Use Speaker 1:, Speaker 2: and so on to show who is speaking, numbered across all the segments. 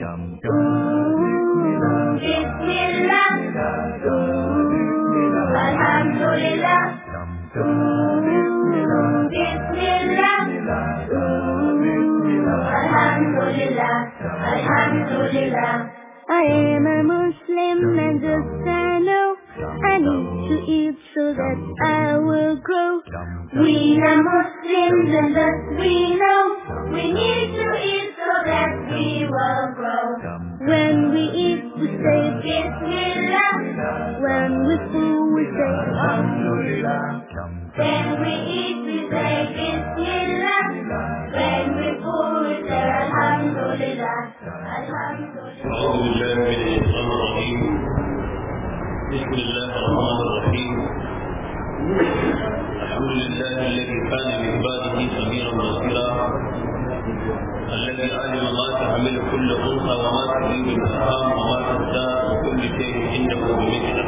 Speaker 1: Yum, Bismillah, Alhamdulillah, Bismillah, Alhamdulillah, Alhamdulillah. I am a Muslim and just I know I need to eat so that I will grow. We are Muslims and that we know we need to eat so that we will grow. When we eat, we say Bismillah. When we fool, we say Alhamdulillah. When we eat, we say Bismillah. When we fool, we say Alhamdulillah.
Speaker 2: Alhamdulillah.
Speaker 3: بسم الله الرحمن الرحيم الحمد لله الذي كان من عباده سميرا بصيرا الذي علم ما تحمل كل انثى وما من الارحام وما تزداد وكل شيء عنده بمثله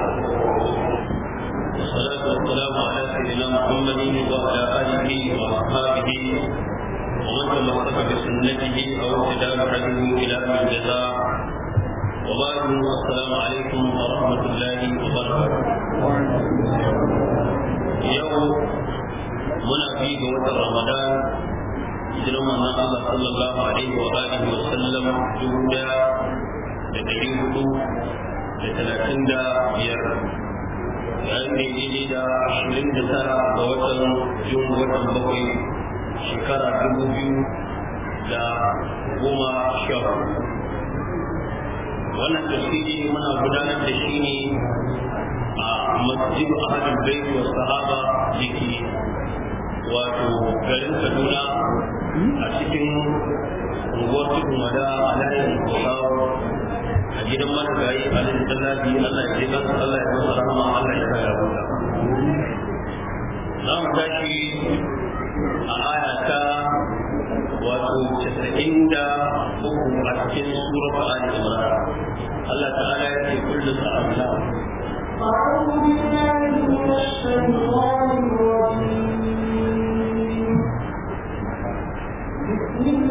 Speaker 3: والصلاه والسلام على سيدنا محمد وعلى اله واصحابه ومن تمسك بسنته او كتاب بهديه الى الجزاء وبارك السلام عليكم ورحمه الله وبركاته يوم muna bi ga رمضان hijiran manzon Allah sallallahu alaihi wa alihi wa sallam dubu daya da dari hudu da talatin da biyar yayin da daidai da ashirin da tara ga watan jun watan bakwai shekara dubu biyu da goma sha wannan tafsiri muna gudanar da shi ne a masjid ahadul bait wa sahaba da wato garin kaduna a cikin unguwar cikin wada a layin kawo a gidan marigayi a layin tallafi allah ya je kansa allah ya masa rahama allah ya sa ya za mu tashi a aya ta wato casa'in da uku a cikin surar ba'ali imran allah ta'ala ya ce kullum sa'amla
Speaker 1: أعوذ بالله من الشيطان الرجيم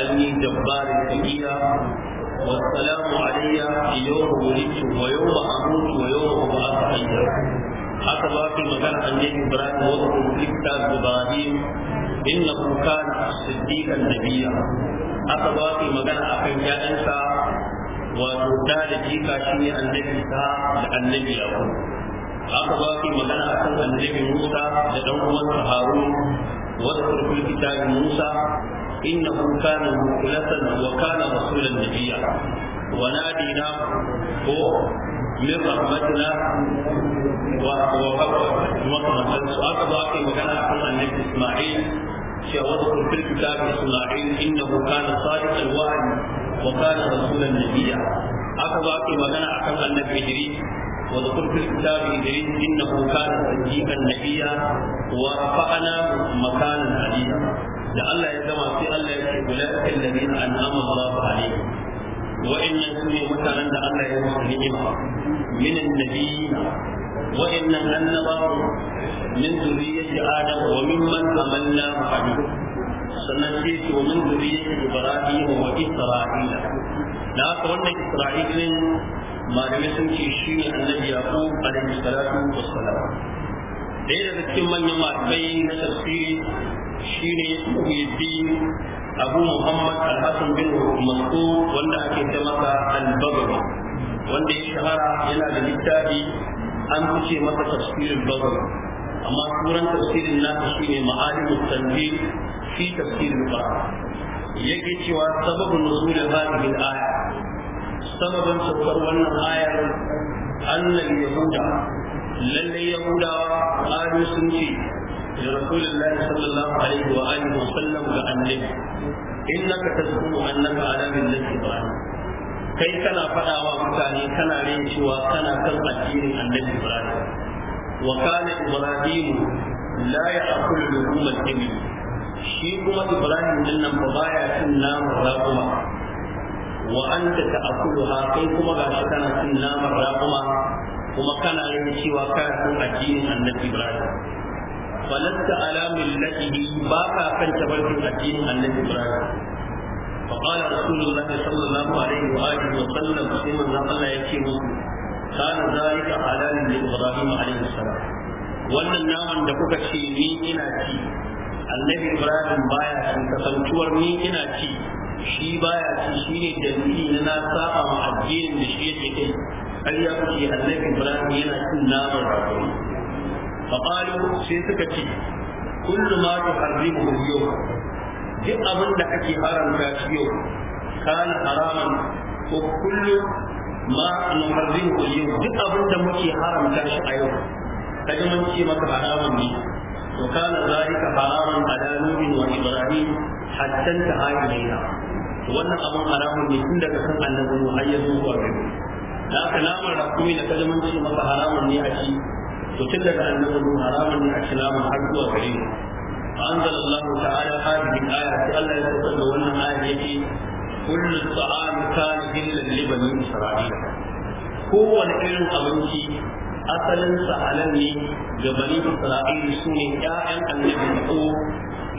Speaker 3: العالمين جبار كبيرا والسلام علي يوم ولدت ويوم أموت ويوم أبعث حيا haka ba fi magana annabi Ibrahim wa kullikta Ibrahim innahu kana siddiqan nabiyya haka ba fi magana akan yayansa wato da da jika shine annabi ta da haka ba fi magana akan annabi Musa da dan uwansa Harun wa kullikta Musa إنه كان مخلصا وكان رسولا نبيا وناديناه هو من رحمتنا وأخذ أخي وكان أخذ النبي إسماعيل واذكر في الكتاب إسماعيل إنه كان صادق الوعد وكان رسولا نبيا أخذ أخي وكان أخذ النبي إدريس واذكر في الكتاب إدريس إنه كان صديقا نبيا ورفعنا مكانا عليا da Allah ya gama sai Allah ya ce ulaiikal ladina an'ama Allahu alaihim wa'annan su ne mutanen da Allah ya musu ni'ima min annabiyina wa'annan annabawa min zuriyyati adam wa mimman amanna ma'ahu sannan sai ce wa min zuriyyati ibrahim wa isra'ila da haka wannan isra'ilin malamai sun ce shi ne annabi yaqub alaihi salatu wassalam ɗaya daga cikin manyan malamai na tafsiri shine muhyiddin abu muhammad Alhassan bin mas'ud wanda ake ce masa al wanda ya shahara yana da littafi an fice masa tafsirin babaru. amma suran tafsirin nasa shine ma'alimu tanzil fi tafsirin qur'an yake cewa sababun nuzul hadhihi al-aya sababan saukar wannan ayar annal yahuda lalle yahudawa qalu sun ce لرسول الله صلى الله عليه وآله وسلم كأنك إنك تذكر أنك على ملة إبراهيم kai kana faɗawa mutane kana rin cewa kana kan addinin annabi Ibrahim wa kana Ibrahim la ya'kulu luhumal ibil shi kuma Ibrahim din nan ba baya cin naman raƙuma wa anta ta'kuluha kai kuma ga shi kana cin naman raƙuma kuma addinin annabi Ibrahim falasta ala millatihi ba ka kan tabarkin addinin annabi ibrahim فقال رسول الله صلى الله عليه واله وسلم سيما الله يكيم كان ذلك حلالا لابراهيم عليه السلام wannan naman da kuka ce ni ina ci annabi ibrahim baya ni ina ci shi baya ci shi ne dalili na na saba ma addinin da shi yake kai har ya kuce annabi ibrahim yana cin naman rakuri faƙalu sai suka ce kullu ma tuharrimu yau duk abin da ake haramta shi yau kana haraman ko kullu ma nuharrimu yau duk abin da muke haramta shi a yau kaga mun ce maka haraman ne to kana zalika haraman a nuhin wa ibrahim hatta ta ayyana wannan abin haramun ne tun daga kan annabi mu har ya zuwa gare da aka lamar rakumi da kaje mun ce maka haramun ne a ci to tun daga an zama nuna haramun ne a kilamun har zuwa gare ni anzal Allah ta'ala hadihi aya sai Allah ya tabbata da wannan aya yake kullu ta'am kana illa li bani isra'ila kowane irin abinci asalin sa'alan ne ga bani Isra'ilu su ne ƴaƴan annabi ko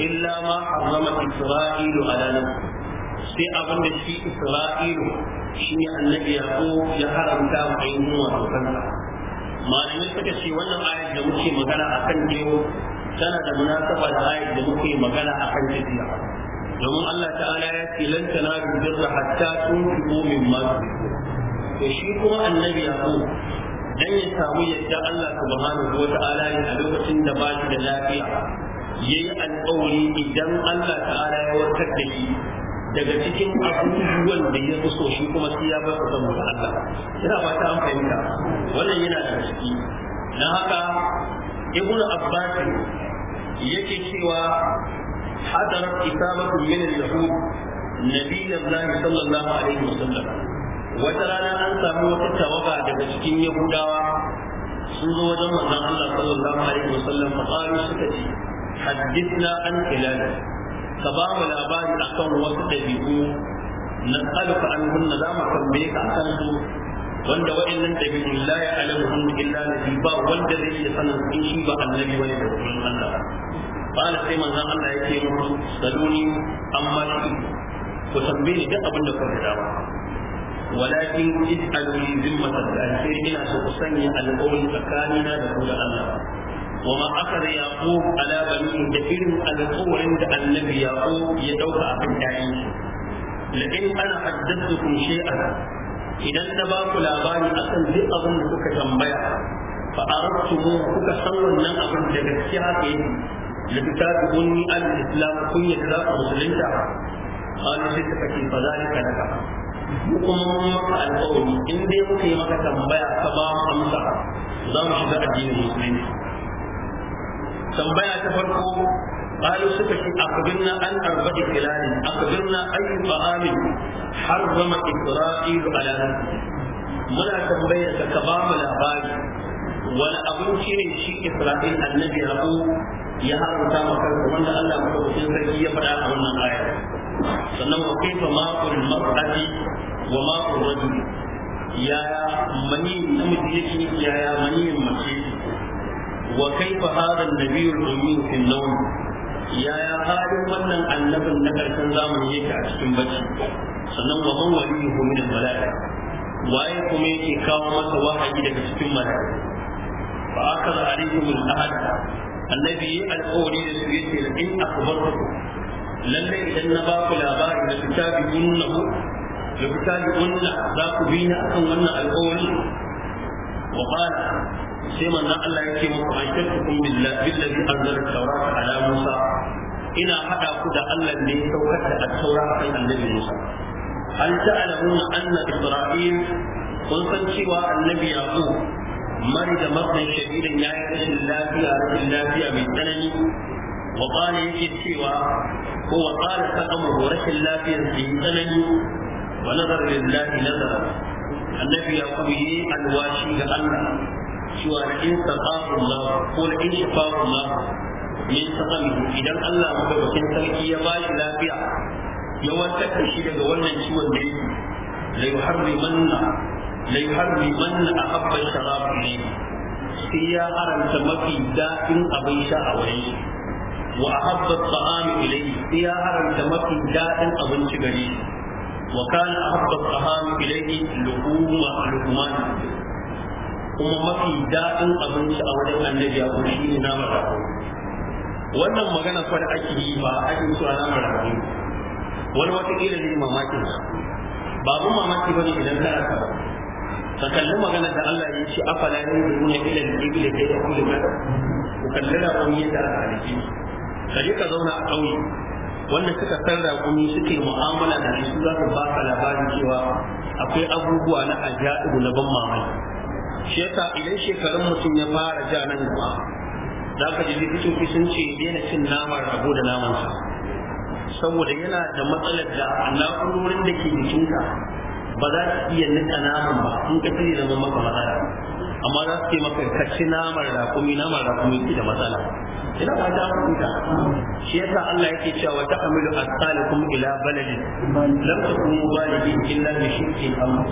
Speaker 3: illa ma harrama isra'ila ala nafsi sai abin da shi isra'ila shi ne annabi ya ko ya haramta mai nuna sautansa malamai suka ce wannan ayar da muke magana a kan gero tana da munasaba da ayar da muke magana a kan tafiya domin Allah ta'ala ya ce lan tanaru birra hatta tunfiqu mimma to shi kuma annabi ya ko dan ya samu yadda Allah subhanahu wa ta'ala ya a lokacin da ba shi da lafiya yayi alƙawari idan Allah ta'ala ya warkar da shi daga cikin abubuwan da ya so shi kuma sai ya bar kusan mu Allah ina ba ta fahimta wannan yana da ciki na haka ibnu abbas yake cewa hadarat isabatu min al-yahud nabiyullahi sallallahu alaihi wasallam wata rana an samu wata tawaga daga cikin yahudawa sun zo wajen manzon Allah sallallahu alaihi wasallam fa suka ce حدثنا عن هلال ka ba mu labari akan wasu ɗabi'u na tsaluka an hunna za mu tambaye ka akan su wanda wa'annan ɗabi'un la ya alamuhun illa nabi ba wanda zai iya sanin in shi ba annabi wani da kuma Allah qala sai manzon Allah ya yake musu saluni amma shi ku tambaye ni duk abin da kuka dama walakin is'alu li zimmatan da sai ina so ku sanya alƙawari tsakanina da ku da Allah وما أخذ يعقوب على بنيه دفير القوة عند النبي يعقوب يدوك أخذ تعيش لئن أنا حدثتكم شيئا إذا تباكوا لاباني أصل ذي أظن كك تنبيع فأردتموه كك صلوا لن أظن لبسيها إيه لتتابعوني على الإسلام كن يتلاف مسلمتا قالوا شئت فكي فذلك لك kuma mun maka alƙawari in dai muka yi maka tambaya ka ba mu amsa za mu shiga addinin musulunci tambaya ta farko قالوا سكت أخبرنا عن أربع خلال أخبرنا أي طعام حرم إسرائيل على نفسه ملا تنبيه كبام الأباد ولا أبو شيء شيء إسرائيل النبي أبو يهار تام كرم من الله مكتوبين سيدي فلا أمنا آية سنو كيف ماء المرأة وماء الرجل يا مني نمجيكي يا مني مجيكي wa kaifa hadha an-nabiyyu al-ummi fi an yaya halin wannan annabin na karshen zamani yake a cikin bacci sannan wa man waliyuhu min al-malaika waye kuma yake kawo masa wahayi daga cikin malaika da idan na ba ku labari na kitabi unnahu da kitabi unna za ku bi ni akan wannan alƙawari wa sai manzon Allah ya ce muku an shakkum billah billazi anzala tawrata ala Musa ina hada ku da Allah ne ya saukar da at-taura kan annabi Musa an ta'lamu anna Ibrahim kun san cewa annabi Yaqub mari da mafin shahidan ya yi rashin lafiya rashin lafiya mai tsanani wa qala yake cewa ko wa qala saqamu rashin lafiyar da tsanani wa nazar lillahi nazara annabi Yaqub yi alwashi ga Allah cewa na in saqahu Allah ko na in shafahu min saqamihi idan Allah madaukakin sarki ya ba shi lafiya ya warkar da shi daga wannan ciwon da yake la yuharrimanna la yuharrimanna ahabba sharab ilayhi sai ya haramta mafi daɗin abin sha a wurin shi wa ahabba ta'am ilayhi sai ya haramta mafi daɗin abinci gare shi wa kana ahabba ta'am ilayhi luhuma luhuman kuma mafi daɗin abinci a wurin annabi ya kuma shi ne namar rago wannan magana fa da ake yi ba ake yi suna namar rago wani wata wataƙila zai mamakin Ba mu mamaki ba ne idan ta rasa ba ka kalli magana da Allah ya ce afala ne da nuna ilal ibli kai da kullu ba ku kalli raƙumi yadda a halice Kaje ka zauna a ƙauye wanda suka san raƙumi suke mu'amala da su za su ba ka labarin cewa akwai abubuwa na ajaibu na ban mamaki shi idan shekarun mutum ya fara ja nan gaba za ka ji likitoci sun ce daina cin nama rago da namansa saboda yana da matsalar da na'urorin da ke jikinka ba za su iya nika naman ba in ka zama maka matsala amma za su ce maka ka ci naman rakumi naman rakumi ki da matsala ina ba ta huta shi yasa Allah yake cewa ta amilu asqalakum ila baladin lam takunu balighi illa bi shirki al-amr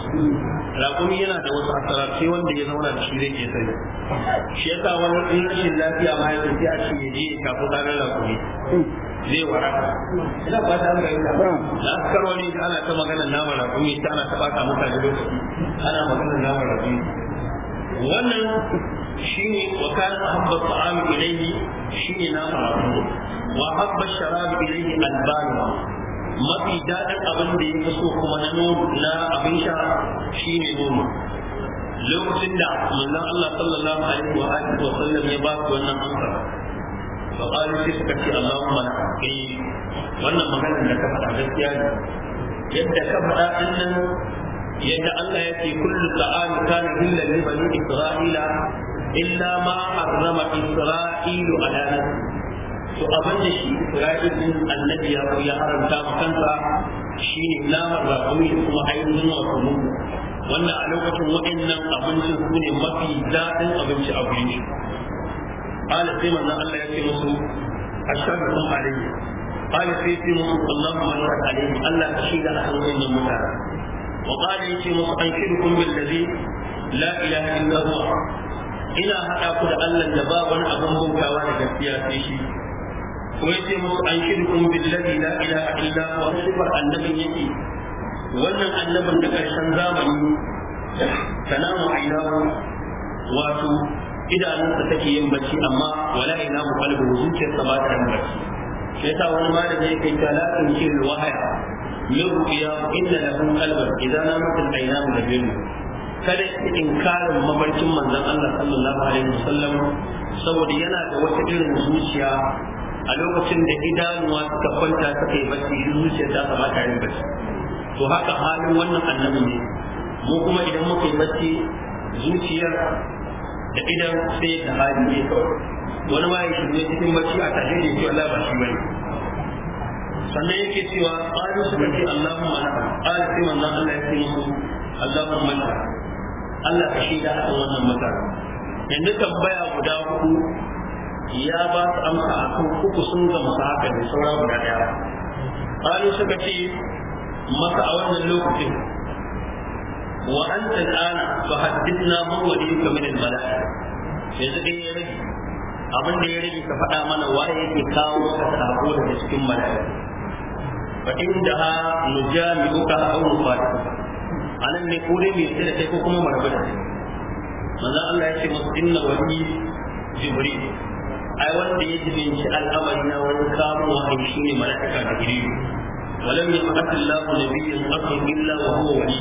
Speaker 3: raƙumi yana da wasu asarar wanda ya zauna da shi zai ke sani shi yasa wani rashin lafiya ma ya tafi a ce ya je ya shafi tsarin raƙumi zai waraka ina ba ta mai da na karo ne ana ta magana nama raƙumi ta ana ta baka mutane lokaci ana magana nama raƙumi wannan shine wa kana habba ta'am ilayhi shine na faratu wa habba sharab ilayhi albani mafi daɗin abin da ya so kuma na nono na abin sha shine nono lokacin da manzon Allah sallallahu alaihi wa alihi wa sallam ya ba ku wannan amsa fa qalu sai suka ce Allahumma kai wannan maganar da ka faɗa gaskiya ne yadda ka faɗa din nan yadda Allah ya ce kullu ta'am kana hillal li bani isra'ila illa ma harrama isra'ilu ala nafsi to abin da shi isra'il din annabi ya ya haramta ma kansa shine namar raƙumi da kuma ainihin wasu mugu wannan a lokacin waɗannan abincin su ne mafi daɗin abinci a gurin shi ala sai manzon Allah ya ce musu ashabun alayhi ala sai ce musu Allahumma la alayhi Allah ka shiga a hannun wannan mutane wa qala yace musu an shirkum billazi la ilaha illa huwa ina haɗa ku da Allah da ba wani abin bautawa da gaskiya sai shi kuma yace musu an shirkum billahi la ilaha illa huwa sifar annabin yake wannan annabin da karshen zamani sanamu ainahu wato idanunsa take yin bacci amma wala ina mu kalbu zuciyarsa ba ta yin bacci sai ta wani malami ya kai talatin shirin wahaya min ru'ya inna lahum qalban idan namat al-aynam la kada ki inkarin mafarkin manzon Allah sallallahu alaihi wasallam saboda yana da wata irin zuciya a lokacin da idanuwa suka kwanta suka yi bacci zuciya ta kama ta yi bacci to haka halin wannan annabi ne mu kuma idan muka yi bacci zuciyar da idan sai da hali ne kawai wani ma ya shige cikin bacci a tashe da yake Allah ba shi bane sannan yake cewa qalu subhanallahi allahumma ana qala sai manzon Allah ya ce musu allahumma Allah ka da akan wannan mutane yanzu tambaya guda hudu ya ba su amsa akan uku sun gamsu haka da sauran guda daya qalu suka ce masa a wannan lokacin wa anta al'ana fa haddithna man waliyuka min al-mala'ika yanzu dai ya rage abin da ya rage ka faɗa mana waye yake kawo maka sako daga cikin mala'ika fa inda ha nujami'uka aw nufatika a nan ne ko mai tsaye da kai ko kuma marabu da kai manzon Allah ya ce musu inna wali jibril ai wanda ya jibinci al'amari na wani kamun wahayi shine mala'ika da jibril ولم يبعث الله نبيا قط الا وهو ولي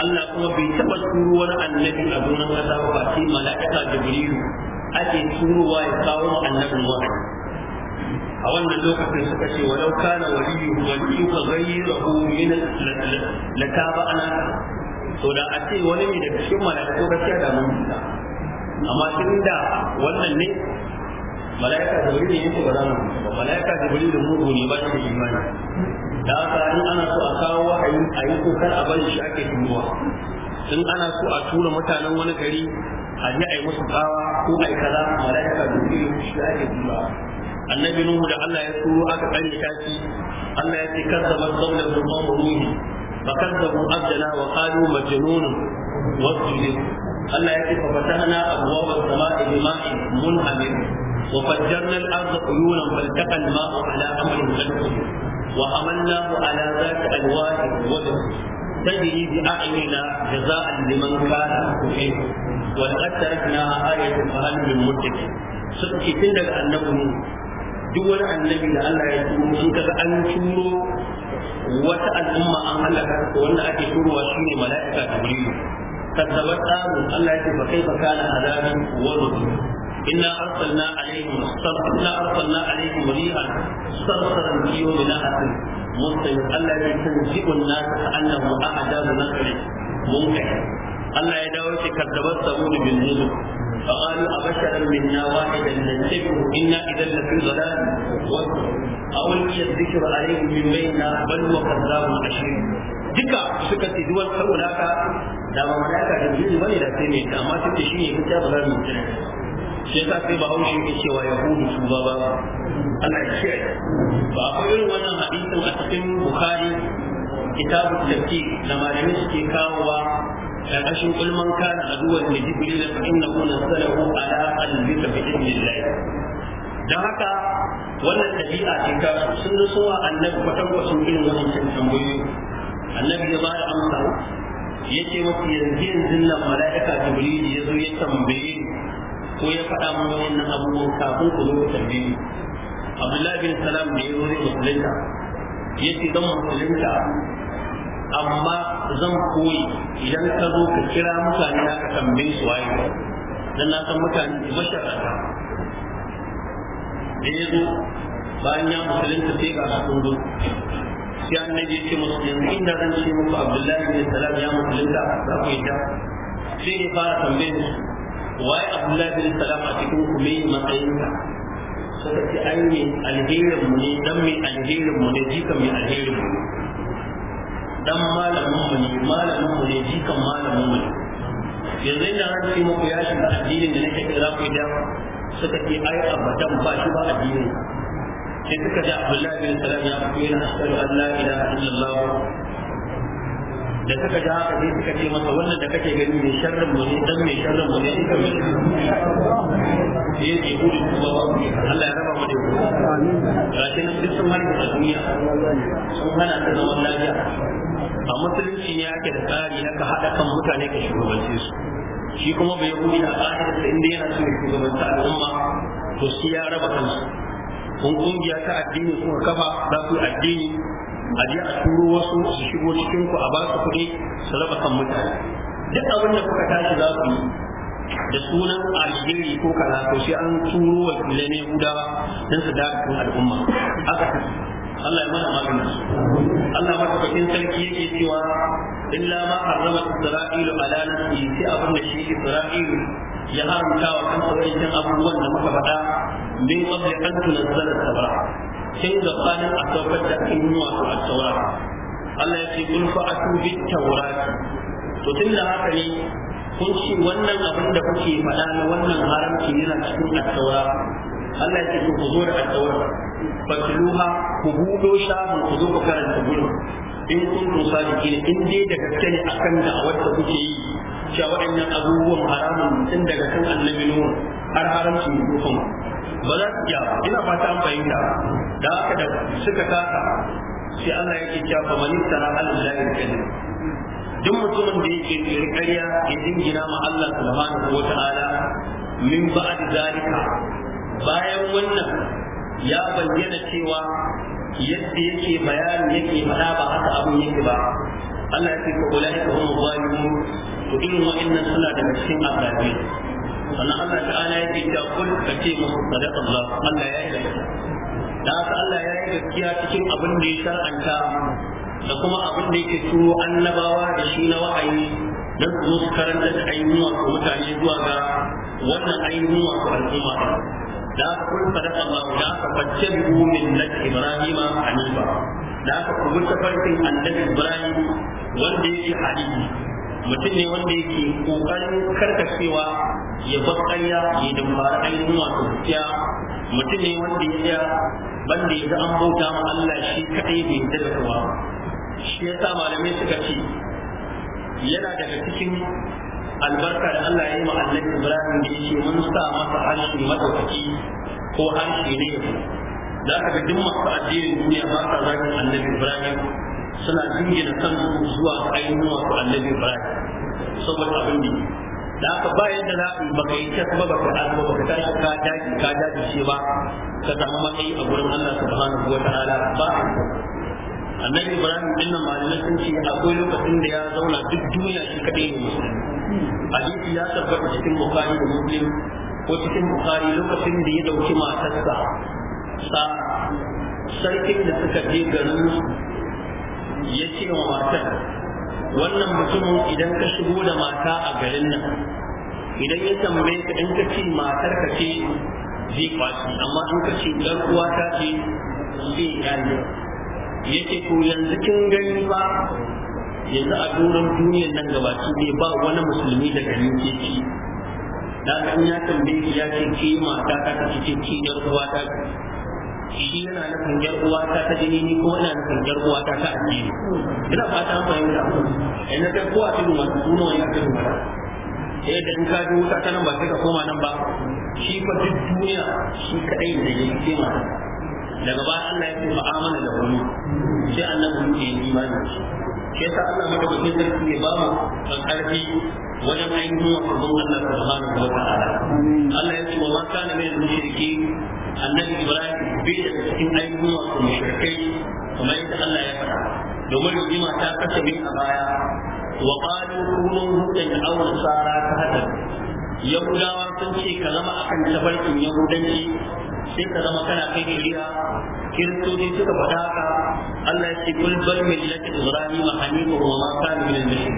Speaker 3: Allah kuma bai taɓa turo wani annabi a gonar ƙasa ba face mala'ika Jibrilu ake turowa ya kawo annabin wahayi a wannan lokacin suka ce walau kana waliyu waliyu ka gayyirahu min lataba ana to da a ce wani ne daga cikin malaiku gaskiya da mun bisa amma tun da wannan ne malaika jibril ne yake ba za mu ba malaika jibril da mugu ne ba shi da imani da haka in ana so a kawo wahayi a yi ko kar a bari shi ake turuwa in ana so a tura mutanen wani gari a je a yi musu tsawa ko a yi kaza malaika jibril shi ake turuwa annabi nuhu da Allah ya turo aka kare shi Allah ya ce kada man zauna da mu'minin fa kada mu azzala wa qalu majnun wa Allah ya ce fa fatahna abwaab as-samaa'i bima'in munhamir wa fajjarna al-ardha uyunan faltaqa al-ma'u ala amrin qad wa amalnahu ala zaati al-wahi wa tajri bi a'yunina jazaa'an liman kana kufir wa laqad tarakna ayatan fa hal min mutakin sun ce tun daga annabi duk wani annabi da Allah ya turo in kaga an turo wata al'umma an halaka ko wanda ake turowa shine mala'ika jibrilu kazzabat tsarin Allah ya ce fa kaifa kana azabi wa nuzur inna arsalna alaihim sarfna arsalna alaihim rihan sarsaran fi yawmin asin muslim Allah ya ce tanjibun nas annahum a'damu mun kai. Allah ya dawo shi kaddabar sabuni bil nuzul فقالوا أبشرا منا واحدا نتبعه إنا إذا لفي ضلال أو ألقي الذكر عليهم من بيننا بل هو كذاب أشير duka suka ce duwan saboda haka da ba malaka da jini bane da sai ne amma sun ce shine kuta ba za mu ci shi yasa sai bahaushe yake cewa yahudu su ba ba a cikin bukhari kitabut tafsir da malamin kawowa karkashin kulman kana aduwan da jibril fa innahu nasalahu ala qalbika bi idnillah dan haka wannan dabi'a ce ka sun da sowa annabi kwatanwa sun irin wannan tambayoyi annabi ya ba da amsa yace musu yanzu yanzu nan mala'ika jibril ya zo ya tambaye ko ya faɗa mun wannan abubuwan kafin ku zo ku tambaye Abdullahi bin Salam da ya zo zai musulunta yace dan musulunta amma zan koyi idan ka zo ka kira mutane na ka tambaye su waye dan na san mutane masharata da ya zo bayan ya musulunta sai ga su zo sai annabi ya ce musu yanzu inda zan ce muku abdullahi bin salam ya musulunta za ku yi ta sai ya fara tambaye su waye abdullahi bin salam a cikin ku me matsayinka suka ce ai ne alherin mu ne dan mai alherin mu ne jika mai alherin mu dan malamin mu ne malamin mu ne jikan malamin mu ne yanzu ina an muku ya shiga addinin da nake kira ku da suka ce ai abadan ba shi ba addinin sai suka ji Abdullahi bin Salam ya fi yana ashhadu an la ilaha illallah da suka ji haka sai suka ce masa wannan da kake gani mai sharrin mu ne dan mai sharrin mu ne ita mai ya ce gudu kuma ba Allah ya raba mu da ku ga shi nan duk sun harka duniya sun hana ta zaman lafiya a musulunci ne ake da tsari na ka haɗa kan mutane ka shugabance su shi kuma bai kuri na da inda yana so ya shugabanta al'umma to shi ya raba kansu kun kungiya ta addini kuka kafa za su addini a je a turo wasu su shigo cikin ku a ba su kuɗi su raba kan mutane duk abin da kuka tashi za su yi da sunan aljiri ko kaza to sai an turo filai ne hudawa don su daga kan al'umma haka Allah ya mana maganin su Allah ya madaukakin sarki yake cewa illa ma harrama Isra'ilu ala nafsi sai abin da shi Isra'ilu ya haramta wa kansa wajen abubuwan da muka faɗa min qabli an tunazzala Sai kin gabanin a saukar da ake yi wato a taura Allah ya ce kun fa'atu bi tawrat to tun da haka ne kun ce wannan abin da kuke faɗa na wannan haramci yana cikin at-taura Allah ya ce ku zo da at-taura fatluha ku budo shafin ku zo ku karanta gurin in kuntum ne, in dai da gaske ne akan da'awar wanda kuke yi cewa waɗannan abubuwan haramun tun daga kan annabi nuhu har haramcin kuma. ba za su iya ina fata an fahimta da haka da suka kasa sai Allah yake cewa fa man tara al-ilahi kadin duk mutumin da yake kirkariya ya dingina ma Allah subhanahu wa ta'ala min ba'd zalika bayan wannan ya bayyana cewa yadda yake bayani yake faɗa ba haka abin yake ba Allah ya ce ko ulai ka hum zalimun to irin wa'annan suna daga cikin azabi sannan Allah ta'ala ya ce ta kul ka ce musu sadaqa Allah Allah ya yi da haka Allah ya yi gaskiya cikin abin da ya shar'anta da kuma abin da yake turo annabawa da shi na wa'ayi don su karanta da ainihin wasu mutane zuwa ga wannan ainihin wasu al'umma da ka kun da Allah da ka fattabi'u millat Ibrahim hanifa da ka kubu tafarkin annabi Ibrahim wanda yake hadisi mutum ne wanda yake kokarin karkacewa ya bar ƙarya ya dambara ainihin wato gaskiya mutum ne wanda ya tsaya banda ya ga an bauta ma Allah shi kadai bai yarda da kuwa. shi ya sa malamai suka ce yana daga cikin albarka da Allah ya yi wa annabi Ibrahim da yake mun sa masa harshe madaukaki ko harshe ne za ka ga duk masu addinin duniya ba sa zagin annabi Ibrahim suna jingina kan zuwa ainihin wasu annabi Ibrahim saboda abin da da aka ba yadda za a baka yi ta kuma baka ta kuma ka tashi ka daji ka daji ce ba ka samu matsayi a gurin Allah subhanahu wa ta'ala ba annabi Ibrahim din nan malamai sun ce akwai lokacin da ya zauna duk duniya shi kadai ne musulmi hadisi ya tabbata cikin bukari da muslim ko cikin bukari lokacin da ya dauki matarsa sa sarkin da suka je garin ya ce wa matar wannan mutumin idan ka shigo da mata a garin nan idan ya tambaye ka in ka ce matar ka ce zai kwashi amma in ka ce dan uwa ta ce zai ya yake ko yanzu kin gani ba yanzu a doron duniyar nan su ne ba wani musulmi da garin ke ci da kan ya tambaye ki ya ce ke mata ta ta ce ki yar uwa ta shi yana nufin yar uwa ta ta jini ni kuma yana nufin yar uwa ta ta addini ina fata an fahimta ina ta kowa cikin masu suna wani a cikin mata eh da in ka ji wuta ta nan ba sai ka koma nan ba shi fa duk duniya shi kadai da ya ce mata daga ba Allah ya ce ba amana da wani sai annabi ya yi imani da shi shi yasa Allah madaukakin sarki ya ba mu karfi wajen ainihin wa fardun Allah subhanahu wa ta'ala Allah ya ce wa ma kana min mushriki annabi Ibrahim bai da cikin ainihin wa mushrikai kamar yadda Allah ya faɗa domin rigima ta kasabe a baya wa qalu kunu hudan aw nasara ta hada yahudawa sun ce ka zama akan tafarkin yahudanci sai ka zama kana kai shari'a kiristoci suka faɗa haka Allah ya ce kul bal millati ibrahim hanifa wa ma kana min al-mushrikin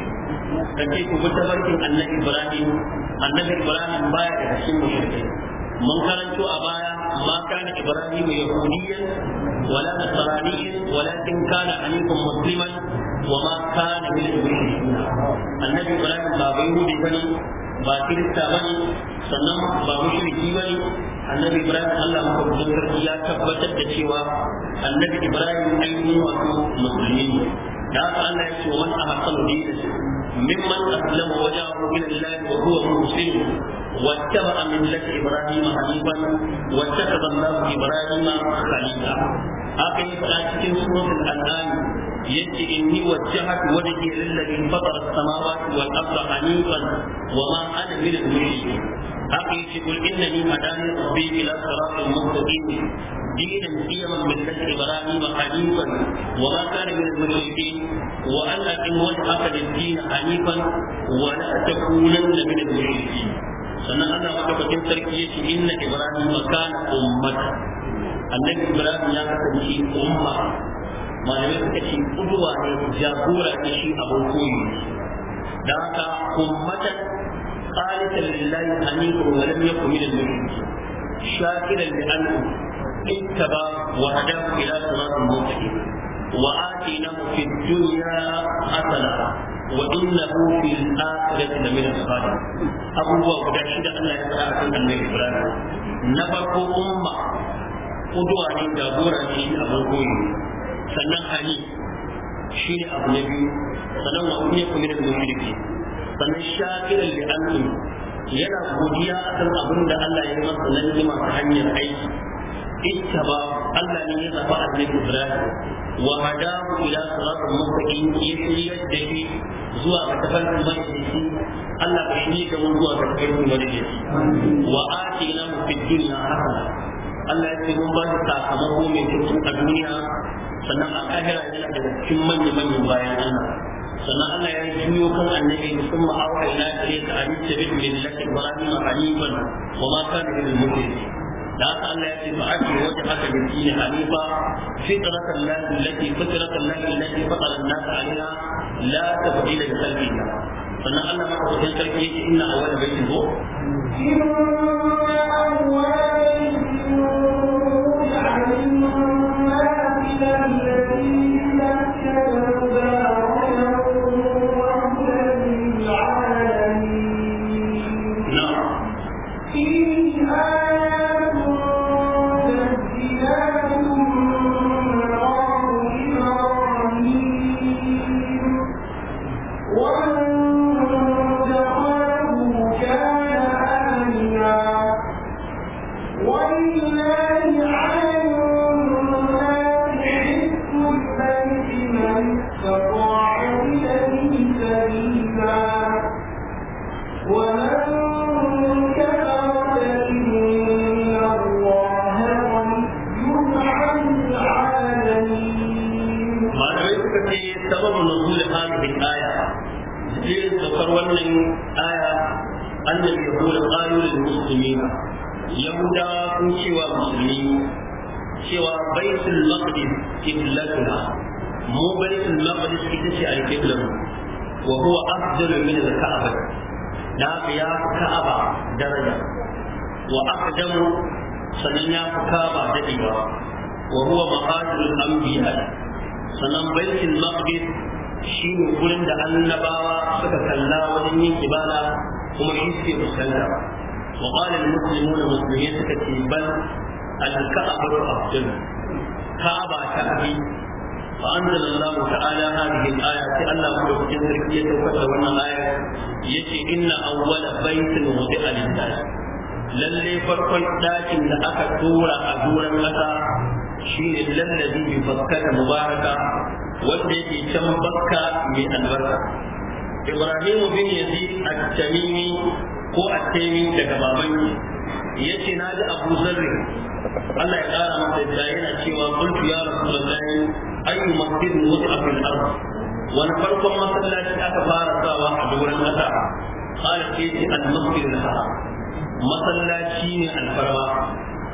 Speaker 3: kace ku bi barkin annabi ibrahim annabi ibrahim baya da cikin mushrikai mun karanto a baya ma kana ibrahim yahudiyyan wala nasraniyyan walakin kana hanifan musliman wa ma kana min al-mushrikin annabi ibrahim ba bai yahudi bane ba kirista bane sannan ba mushriki bane annabi ibrahim allah sarki ya tabbatar da cewa annabi ibrahim ainihin wato musulmi ne da haka allah ya ce wa man ahsanu dinan mimman aslama wajahu ila allah wa huwa muslim واتبع ملة إبراهيم yi واتخذ الله إبراهيم خليلا أقل صلاة سورة الأنعام يجي إني وجهت وجهي للذي فطر السماوات والأرض حنيفا وما أنا من المشركين أقل تقول إنني هداني ربي إلى صراط مستقيم دينا قيما ملة إبراهيم حنيفا وما كان من المشركين وأن أقم وجهك للدين حنيفا ولا تكونن من المشركين sannan Allah madaukakin sarki ya inna ibrahim kana ummata annabi ibrahim ya kasance umma malamai suka ce kuduwa ne jagora ne shi abin koyi haka ummatan قالتا لله حنيفا ولم يكن من المشركين شاكرا لأنه اتبع وهداه إلى صراط المستقيم وآتيناه في الدنيا حسنة وإنه في الآخرة لمن الصالحين أبو وداشد أن لا يسأل عن النبي إبراهيم نبرك أمة قدوة عند دورة شيء أبو sannan hali shi ne abu na biyu sannan wa ne kuma da mushriki sannan shakirin da an yana godiya a kan abin da Allah ya masa nan nima ta hanyar aiki ita ba Allah ne ya zaɓa annabi Ibrahim wa hadahu ila siratin mustaqim ya shirya da shi zuwa ga tafarkin madaidaci Allah ka ni da mu zuwa ga tafarkin madaidaci wa atina mu fid dunya hasana Allah ya ce mun ba shi sakamako mai kyau a duniya sannan a kahira yana daga cikin manya-manyan bayan Allah sannan Allah ya juyo kan annabi musamman awa ila kare ka a nita bin millati Ibrahim halifan wa ma kana min al-mushrikin da haka Allah ya ce fa aki wajha haka bin dini halifa fitratan lahi allati fitratan lahi allati fatara an-nas 'alayha la tabdila li khalqillah sannan Allah ma ka sarki yake inna awwala baitin ko
Speaker 1: inna awwala
Speaker 3: da haka ya fi ka'aba daraja wa damu sannan ya fi ka'aba dadewa wa huwa maqatul anbiya sannan baitul maqdis ne gurin da annabawa suka kalla wajen yin ibada kuma shi ke fuskanta wa qala al muslimuna muslimin suka ce bal al ka'aba afdal ka'aba ta abi فأنزل الله تعالى هذه الآية لأن أقول في تركية وكذا وأن آية يجي إن أول بيت وضع للناس للي فرق لكن لأكا سورة أدورا لك شيء الذي بفكة مباركة والذي كم بكة من البركة إبراهيم بن يزيد التميمي هو التيمي كما yace na ji Abu Zarri Allah ya kara masa da yana cewa qultu ya rasulullahi ayyu masjidin wud'a fil ard wani farkon masallaci aka fara sawa a doron kasa qala sayyidi al-masjid masallaci ne alfarma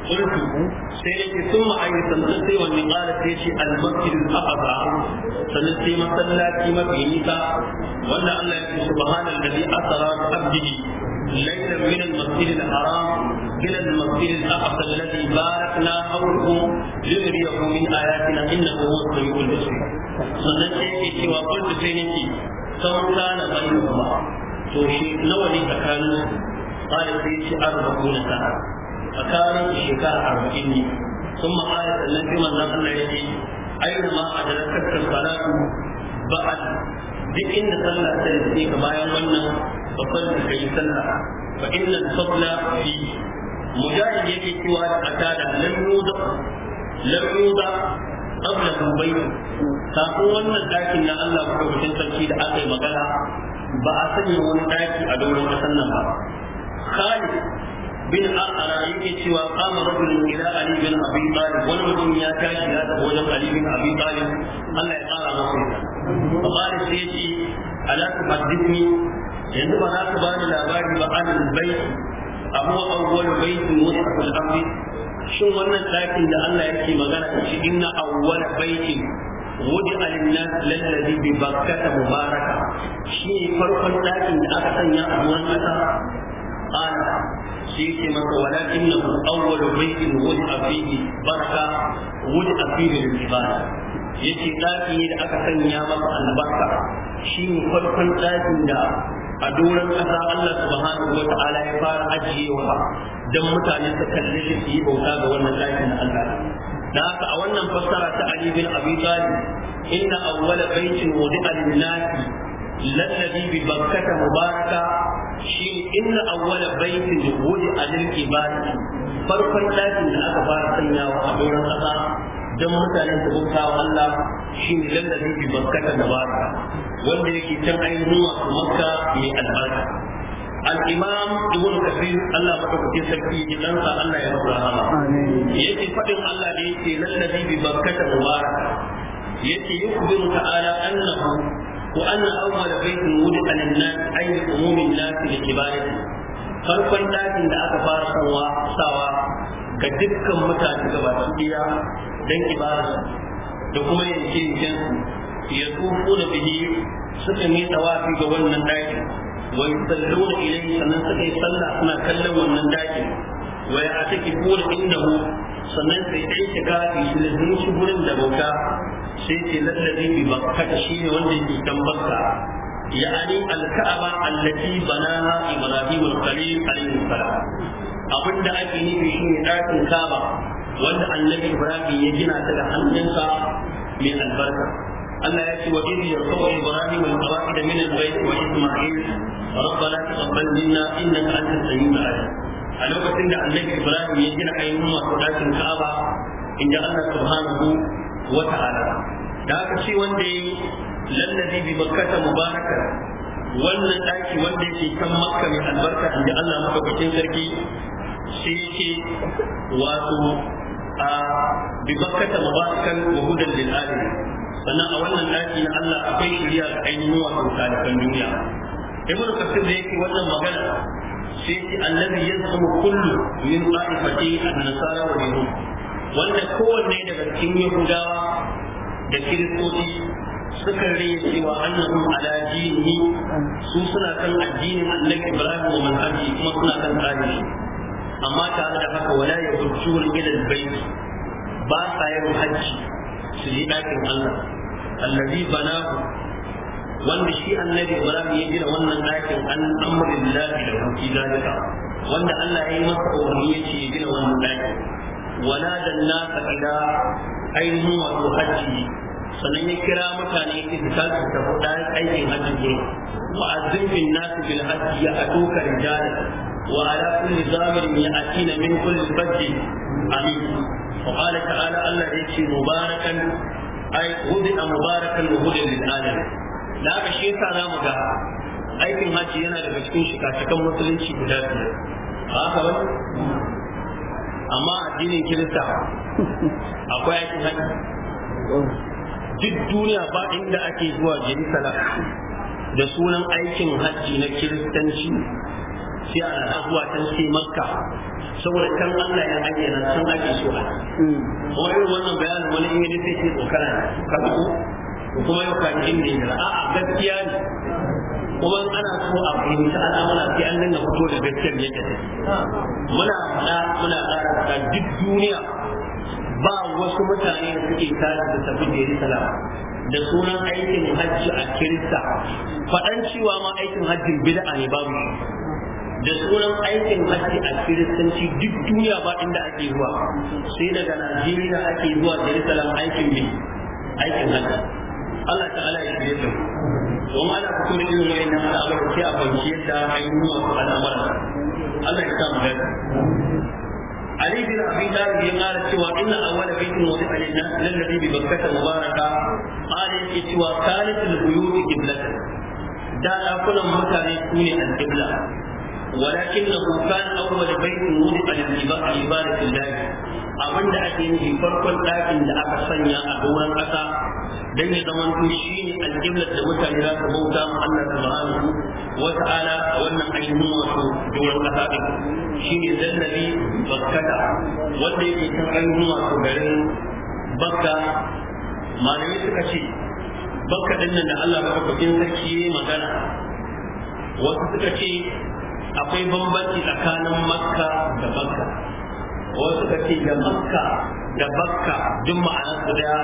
Speaker 3: قلت a ثم أي سنتي والنقال سيدي المسجد الأقصى سنتي مسلا كيما في نيسا وأن الله سبحان الذي أسرى بعبده ليلا من المسجد الحرام إلى المسجد الأقصى الذي باركنا حوله لنريه من آياتنا إنه هو السميع البصير sannan sai ke cewa kullu sai ne ce sauka na bayu kuma to shi nawa ne tsakanin قال سيدي أربعون سنة فكان شكاء أربعين ثم قال النبي من نقل إليه أينما أدركتك الصلاة بعد duk inda sallah ta riske ka bayan wannan فصل كي سنها فإن الفضل فيه مجاهد يجي سوى قتالا لم يوضع لم يوضع قبله بيت ساقو wannan dakin na Allah ko cikin sarki da aka yi magana ba a sanya wani a doron ba Khalid bin A'ra yake cewa qama rajulun ila Ali bin Abi Talib wani mutum ya tashi ya tafi wajen Ali bin Abi Talib Allah ya kara masa yarda fa sai yace ala tuhaddithni yanzu ba za ka bani labari ba anan bai amma awwal baitin mutaqal al-amri shin wannan ɗakin da Allah yake magana da shi inna awwal baitin wudi alinnas lallazi bi bakkata mubaraka shi ne farkon ɗakin da aka sanya a ruwan ƙasa ana shi yake maka wala innahu awwal baitin wudi afihi baraka wudi afihi lil ibada yake ɗaki ne da aka sanya maka albarka shi ne farkon ɗakin da a doron ƙasa Allah subhanahu wa ta'ala ya fara ajiyewa don mutane su kalli shi su yi bauta ga wannan ɗakin na Allah da haka a wannan fassara ta Ali bin Abi Talib inna awwala baitin wudi'a lin-nasi lallabi bi bakkata mubaraka shi inna awwala baitin wudi'a lil-ibadi farkon ɗakin da aka fara sanyawa a doron ƙasa don mutanen da bauta wa Allah shi ne zai fi barkata da ba baraka wanda yake can ainihin wasu makka mai albarka al-imam ibn kafir Allah madaukakin sarki ya dan sa Allah ya masa rahama yake fadin Allah da yake lallabi bi makkata mubaraka yake yukbiru ta'ala annahu wa anna awwal baytin wudi'a lin-nas ay umumin nas li kibarihi farkon dakin da aka fara sawa ga dukkan mutane gaba ɗaya dan ibadarsa da kuma yanke yanken ya tsofo da bihi suka yi tawafi ga wannan ɗakin wai salluna ilai sannan suka yi sallah suna kallon wannan ɗakin wai a take kura inda mu sannan sai ɗan shiga fi shi da zai shi gurin da bauta sai ce lallabi bi bakkata shi ne wanda yake dan bakka ya'ani alka'aba allati banaha ibrahim al-khalil alayhi salam abinda ake nufi ne ɗakin kaba wanda annabi ibrahim ya gina ta da hannunsa mai albarka Allah ya ce wa in yarfa ibrahim al-qawaid min al-bayt wa isma'il rabbana taqabbal minna innaka antas samiul alim a lokacin da annabi ibrahim ya gina ainihin wato ɗakin kaba inda Allah subhanahu wa ta'ala da aka ce wanda yayi lallazi bi makkata mubarakan wannan daki wanda yake kan makka mai albarka inda Allah madaukakin sarki sai yake wato a bibakkata mabarakan wa hudan sannan a wannan daki na Allah akwai shari'a ga ainihin wato taliban duniya ibnu kasir da yake wannan magana sai yake annabi yazmu kullu min qa'ifati an-nasara wa yahud wanda kowanne daga cikin yahudawa da kiristoci suka rage cewa annahum ala dini su suna kan addinin annabi ibrahim wa manhaji kuma suna kan tsarin amma tare da haka wala ya hujjun ila albayt ba sa yin hajji su yi dakin Allah allazi banahu wanda shi annabi Ibrahim ya gina wannan dakin an amrin lahi da hukunci zalika wanda Allah ya yi masa umarni ya ce ya gina wannan dakin wala dan nasa ila ainihin wato hajji sannan ya kira mutane ki su tashi ta hudu aikin hajji gurin wa'azzin bin nasu bil hajji ya aduka rijalan وعلى كل ضامر يأتين من كل فج أمين وقال تعالى الله يأتي مباركا أي هدئ مباركا وهدئ للعالمين لا بشيء تعالى مجاعة aikin hajji yana daga cikin shika musulunci guda biyar ba haka amma addinin kirista akwai duk duniya ba inda ake zuwa jerusalem da sunan aikin hajji na kiristanci sai a zuwa can sai makka saboda can Allah ya ake nan can ake so a hmm. kuma irin wannan bayanin wani in yi sai ce tsokana ne ka ko kuma yau ka jin ne a'a gaskiya ne kuma ana so a Ana mana sai an dinga fito da gaskiyar yake muna faɗa muna ƙara faɗa duk duniya ba wasu mutane da suke tare da tafi Jerusalem da sunan aikin hajji a Kirista faɗan cewa ma aikin hajjin bid'a ne babu da sunan aikin haji a kiristanci duk duniya ba inda ake zuwa sai daga najeriya ake zuwa jerusalem aikin aikin haji Allah ta'ala ya shirye su don da kuma irin wayannan al'amuran a fanci yadda ayyuka al'amuran Allah ya sa mu gani
Speaker 2: علي بن ابي طالب قال سوى ان اول بيت وضع للناس الذي ببكه مباركه قال سوى ثالث
Speaker 3: البيوت قبله da ɗakunan mutane su ne alƙibla ولكنه كان أول بيت وضع لعبادة الله abin da ake nufi farkon ɗakin da aka sanya a doron ƙasa don ya zama to shi ne alƙiblar da mutane za su bauta ma Allah subhanahu wa ta'ala a wannan ainihin wato doron ƙasa ɗin shi ne zallabi bakkata wanda yake kan ainihin wato garin bakka malamai suka ce bakka ɗin nan da Allah ba sarki ya magana wasu suka ce akwai bambanci tsakanin makka da bakka wasu ka ce da makka da bakka duk ma'anar su daya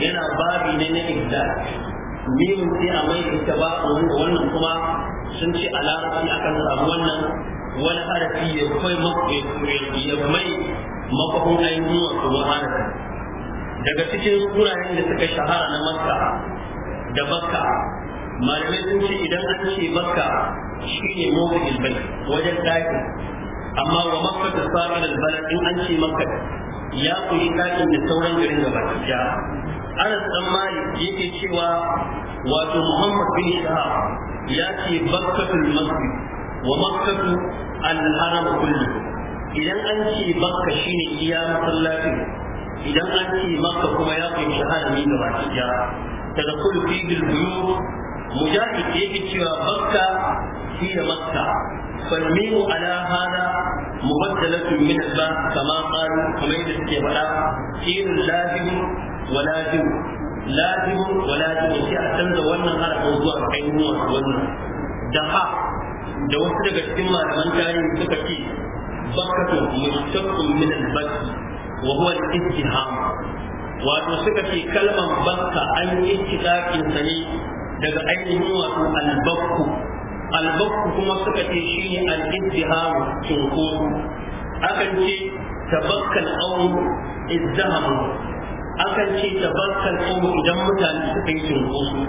Speaker 3: yana babi ne na ibda mimin sai a mai ita ba wannan kuma sun ce a larabci akan samu wannan wani harafi ya kai ya mai mafahun ainihin wasu ma'anar daga cikin wuraren da suka shahara na makka da bakka malamai sun ce idan an ce makka shine mawqil bai wajen dakin amma wa makka ta sa'ir al-balad in an ce makka ya kuri ɗakin da sauran garin gaba ɗaya Anas dan Malik yake cewa wato Muhammad bin Shahab ya ce bakkatul masjid wa makka al-haram kullum, idan an ce shi ne iya masallacin idan an ce makka kuma ya kunshi harami gaba ɗaya tadkhulu fi al-buyut mujahid yake cewa makka hiya makka فالميم على هذا مبدلة من الباء كما قالوا كما يدرس شين لازم ولازم لازم ولازم sai a canza wannan harafin zuwa ainihin wannan da ha da wasu daga cikin malaman tarihi suka ce bakatun mushtaqqun min al-bakki wa huwa al wato suka ce bakka an yi ne daga ainihin wato albakku albakku kuma suka ce shi ne al-izdihamu cinkoso akan ce tabakkal qawm izdahamu akan ce tabakkal qawm idan mutane suka yi cinkoso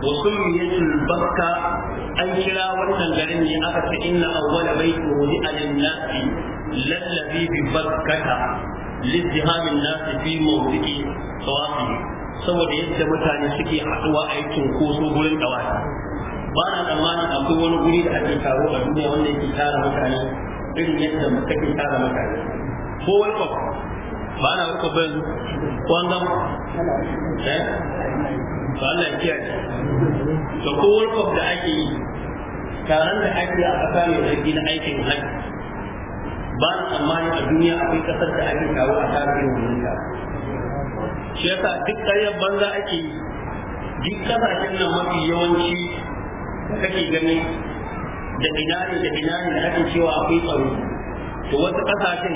Speaker 3: wa summiyatul bakka an kira wannan garin ne aka ce inna awwala baiti wudi'a lin-nasi lallabi bi bakkata لازدهام الناس في موضع صواته saboda yadda mutane suke haɗuwa a yi koso gurin ɗawata, ba na tsammanin akwai wani guri da ake taro a duniya wanda yake tara mutane irin yadda kake tara mutane ko wani ba na rufe bayan wanzan eh ba na ya kiyaye to ko workshop da ake yi taron da ake a ƙasa mai zargi na aikin hajji ba na tsammani a duniya akwai ƙasar da ake kawo a tara irin wani shi yasa duk ƙaryar banza ake yi duk kasashen nan mafi yawanci da kake gani da ina ne da ina ne da ake cewa akwai tsaro to wasu kasashen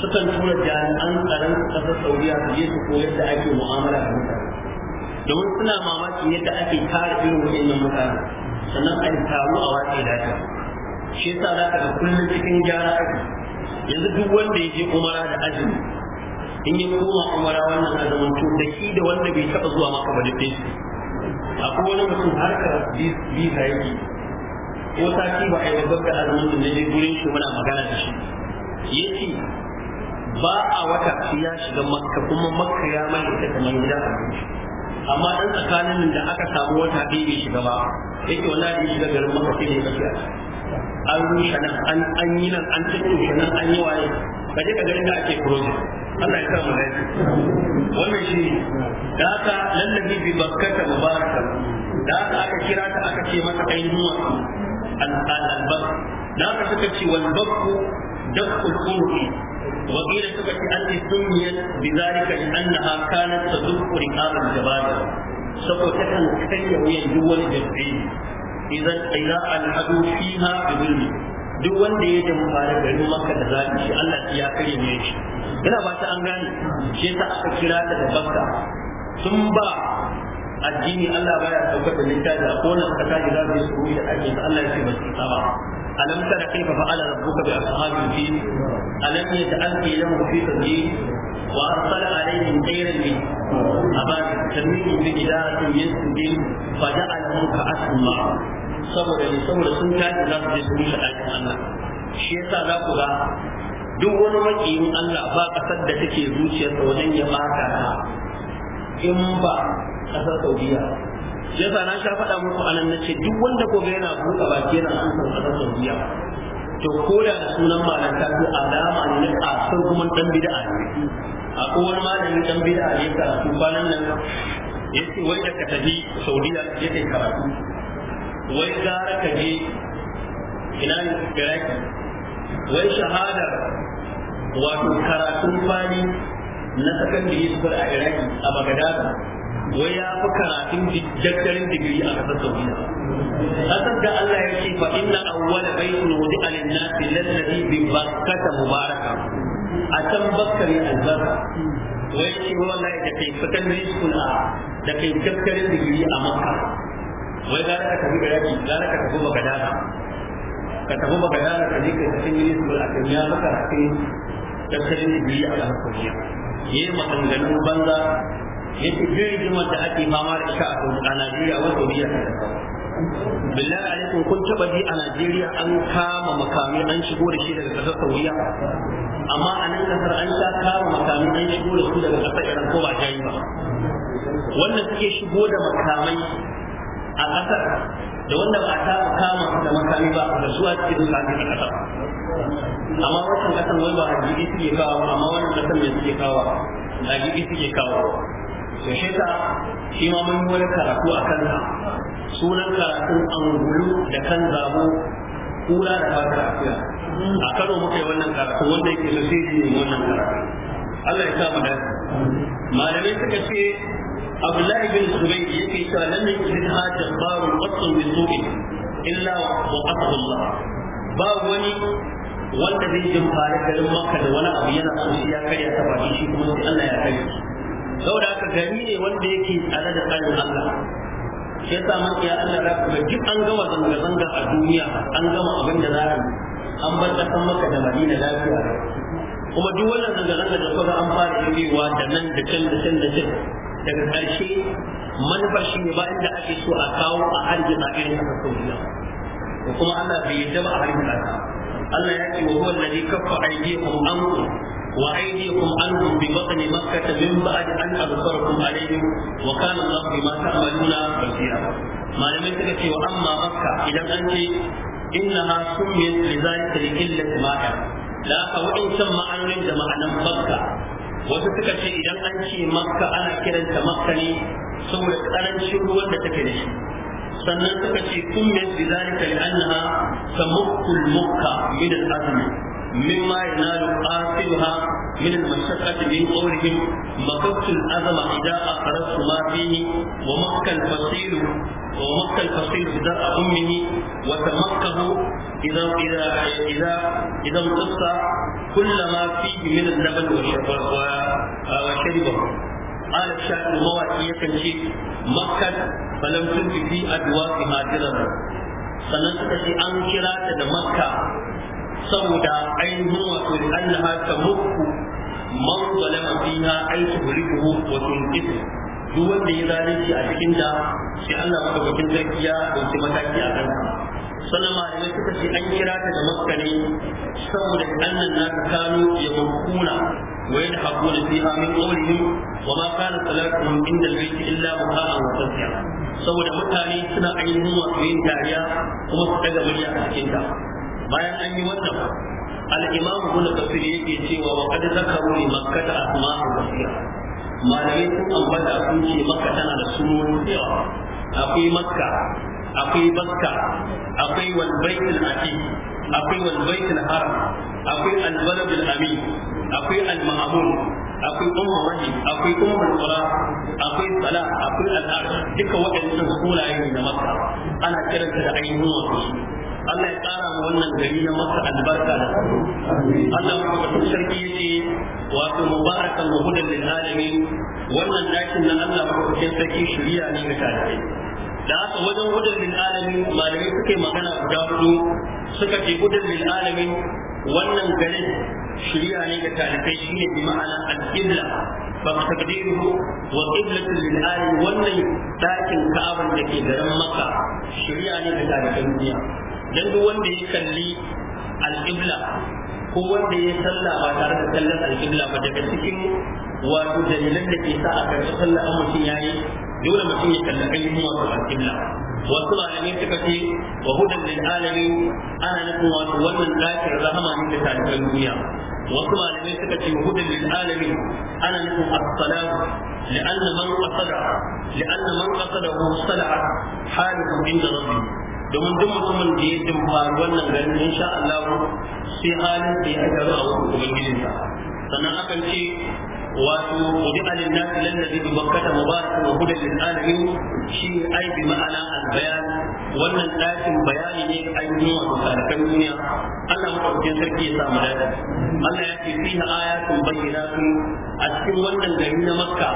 Speaker 3: sukan tura jami'an tsaron kasar saudiya su je su koyar da ake mu'amala da mutane domin suna mamaki yadda ake kare irin waɗannan mutane sannan a taru a watsa lafiya shi yasa za ka ga kullum cikin gyara ake yanzu duk wanda ya je umara da azumi in yi koma kwamara wannan na zaman to da ki da wanda bai taɓa zuwa maka ba da su akwai wani mutum harkar visa yake ko sati ba a yi babbar azumin da ne gurin shi muna magana da shi ce, ba a wata ya shiga makka kuma makka ya mai ita kamar gida a amma dan tsakanin da aka samu wata bai bai shiga ba yake wallahi da shiga garin makka sai ne kafiya an rushe nan an yi nan an tattoshe nan an yi waye ka je ka ga inda ake project Allah ya sa mu lafi wannan shi da haka lallabi bi bakkata mubaraka da haka aka kira ta aka ce mata ainihin wasu al-albab da haka suka ce wal bakku dakku al-qurbi wa qila suka ce an sunniyat bi zalika li annaha kanat tadukku riqab al-jabal saboda kan kai wuyan yi wani dabbi idan ila al-hadu fiha bi zulmi duk wanda ya jamfara garin maka da zaɓi shi Allah ya kare ne shi yana ba ta an gane shi yasa aka kira ta da bakka sun ba addini Allah baya saukar da littafi a kowane kasa da za su yi da ake Allah ya ce ba su ba alam tara kaifa fa'ala rabbuka bi ashabil fil alam yata'al fi lahum fi tadjil wa arsala alaihim tayran min ababil tamim bi idatin min sujil fa ja'alahum ka'asma saboda ne saboda sun tashi za su je su rusa ɗakin Allah shi yasa za ku ga duk wani makiyin Allah ba ƙasar da take sa wajen ya baka ta in ba ƙasar Saudiya yasa na sha faɗa muku anan na ce duk wanda gobe yana buɗe baki yana son ƙasar Saudiya to ko da sunan ta ko alama ne na ƙasar kuma ɗan bid'a ne a kowane malamin ɗan bid'a ne karatu kwanan nan ya ce wai da ka tafi Saudiya ya ce karatu wai gara ka je ina ne iraki wai shahadar wato karatun fari na sakandare su a iraki a bagadada wai ya fi karatun jaddarin digiri a kasar saudiya kasar da allah ya ce fa inna awwala baitun wudi alinnasi lallabi bi bakkata mubaraka a can bakkari albarka wai ce wallahi da kai sakandare su a da kai jaddarin digiri a makka wai za ka tafi ga yaki za ka tafi ba gadana ka tafi ba gadana ka je cikin yi su a kan ya maka rafi tattalin digiri a ƙasar koriya ya yi maganganun banza ya ce jirgin da ake fama da ita a najeriya wata biya ta da billah alaikum kun taba ji a najeriya an kama makami an shigo da shi daga kasar sauriya? amma a nan kasar an ta kama makami an shigo da su daga ƙasar iran ko ba ta yi ba wannan suke shigo da makamai a ƙasar da wanda ba ta kama da makami ba da zuwa cikin kafin ƙasar amma wancan ƙasar wani ba hajji suke e kawo amma wannan ƙasar ne suke kawo hajji suke e kawo to shi ta shi ma mun wani karatu a kansa sunan karatun angulu da kan zabo kula da fatar afiya a kano muka yi wannan karatu wanda yake da sai ne wannan karatu Allah ya sa mu dace malamai suka ce abdullahi bin ya yake cewa lam yuzidha jabbarun qattu bi su'in illa wa Allah ba wani wanda zai jin fara garin maka da wani abu yana so ya karya ta baki shi kuma sai Allah ya karya shi saboda haka gari ne wanda yake tsare da tsarin Allah shi yasa man ya Allah za ku duk an gama zanga zanga a duniya an gama abin da za a an bar kasan maka da Madina lafiya kuma duk wannan zanga zanga da kuma an fara yi da nan da can da can da can daga ƙarshe manufar shi ne ba inda ake so a kawo a hargitsa irin haka sauya da kuma Allah bai yadda ba a hargitsa ka Allah ya ce wa huwa alladhi kaffa aydiyakum ankum wa aydiyakum ankum bi batni makkah min ba'd an absarakum alayhim wa kana Allah bima ta'maluna basira malamai suka ce wa amma makka idan an ce innaha sumiyat lidhalika li illati ma'a la fa wa'in san ma'anonin da ma'anan makka wasu suka ce idan an ce makka ana kiranta makka ne saboda karancin ruwan da take da shi sannan suka ce kummet bi zalika li annaha tamukkul mukka min al-azmi mimma yanalu qasiluha من المشقة a قولهم مكبت الأذم إذا أخرجت ما فيه ومك الفصيل ومك الفصيل درء أمه وتمكه إذا إذا إذا إذا امتص كل ما فيه من اللبن وشربه قال الشاعر مواقية شيء مكة فلم تنفي في أدوافها درما sannan suka ce an kira ta da makka saboda ainihin wato da annaha muku man zalama fiha ay tuhlikuhu wa tunqisu duk wanda ya zalunci a cikin da shi Allah madaukakin sarki ya dauki mataki a kansa sannan malamai suka ce an kira ta da makka ne saboda annan na ta kano ya makuna wa yana haƙo da fiha min ƙaurihi wa ma kana salatuhum inda albayti illa mu wa tasya saboda mutane suna ainihin wato yin dariya kuma su daga murya a cikin ta bayan an yi wannan al-imam ibn kasir yake cewa wa qad zakaru li makkah asma'u kasira malamai sun ambata sun ce makka tana da da yawa akwai makka akwai bakka akwai wal baitul atiq akwai wal baitul haram akwai al balad amin akwai al akwai ummu wahid akwai ummu qura akwai sala akwai al arsh duka waɗannan sunaye ne na makka ana kiranta da ainihin wasu Allah ya tsara mu wannan gari na masa albarka da tsaro. Allah madaukakin sarki yace wato mubarakan wa hudan lil alamin wannan dakin na Allah madaukakin sarki shiriya ne ga talibai. da haka wajen hudun lil alamin malamai suke magana guda hudu suka ce hudun lil alamin wannan garin shirya ne ga talibai shine bi ma'ana al-qibla fa taqdiruhu wa qiblatu lil alamin wannan dakin ka'aban da ke garin makka shirya ne ga talibai duniya dan duk wanda ya kalli al-qibla ko wanda ya sallah ba tare da kallon al-qibla ba daga cikin wato dalilan da ke sa a karɓi sallar an mutum yayi dole mutum ya kalli ainihin wato alƙibla wasu malamai suka ce wa hudan lil ana nufin wato wannan zakin rahama ne da talibai duniya wasu malamai suka ce wa hudan lil ana nufin as-salatu لأن من قصد لأن من قصده صلح حاله عند ربه domin duk mutumin da ya dimfari wannan garin insha Allah sai halin da ya taru a wurin ubangijinsa sannan ce wato wudi alin nas lallazi bi makkata mubarakan wa hudan lil alamin shi ai bi ma'ana al bayan wannan dakin bayani ne an yi wa sarakan duniya Allah madaukakin sarki ya samu dadi Allah ya ce fiha ayatun bayyinatun a cikin wannan gari na makka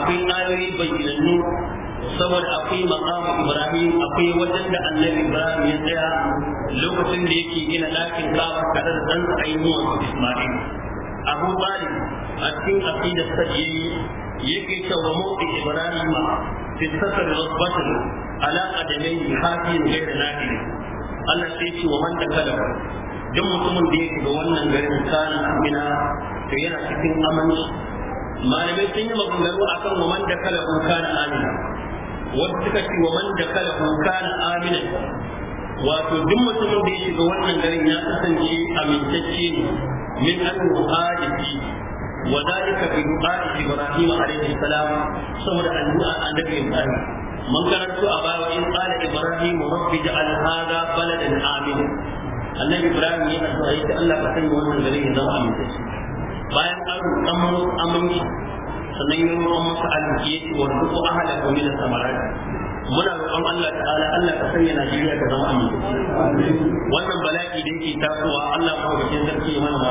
Speaker 3: akwai ayoyi bayyinannu saboda akwai maqamu ibrahim akwai wajen da annabi ibrahim ya tsaya lokacin da yake gina ɗakin kaba kada da ɗansa ainihin isma'il abu talib a cikin aqidar sa yake cewa mawdi ibrahim fi safar rasbatun ala qadamayhi hadiyin ghayr nafi Allah sai ce wa man da kala, duk mutumin da ya shiga wannan garin kana amina to yana cikin aminci malamai sun yi maganganu akan wa man da dakala kana amina wasu suka ce wa man da dakala kana amina wato duk mutumin da ya shiga wannan garin ya kasance amintacce ne min an yu'adihi wa dalika bi du'a'i ibrahim alayhi salam saboda addu'a annabi ibrahim man karantu a baya in qala ibrahim rabbi ja'al hadha baladan amina annabi ibrahim ya addu'a yace Allah ka sanya wannan gari bayan an aminci sannan yin ruwan masa alƙi ya ce wa duk samarai muna roƙon Allah ta'ala Allah ka sanya Najeriya ta zama amince wannan bala'i da yake tasowa Allah ko ga cikin sarki mana ba.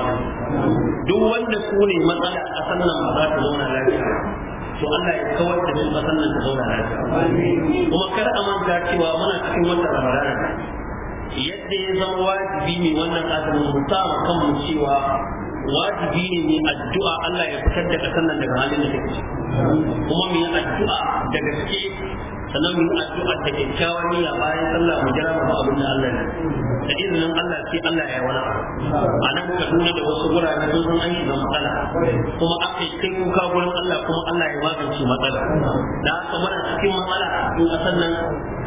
Speaker 3: duk wanda su ne matsala a sannan ba za ta zauna lafiya to Allah ya kawar da min ƙasar nan ta zauna lafiya kuma kar a manta cewa muna cikin wata Ramadan yadda ya zama wajibi ne wannan azumin mu sa kanmu cewa wajibi ne mu addu'a Allah ya fitar da ƙasar nan daga halin da take ciki kuma mai addu'a da gaske sannan mu yi addu'a da kyakkyawan niyya bayan sallah mu jira mu abin da Allah ne da izinin Allah sai Allah ya wani abu a nan ka Kaduna da wasu wurare sun san an shiga matsala kuma aka yi kai kuka gurin Allah kuma Allah ya magance matsala da haka muna cikin matsala a cikin ƙasar nan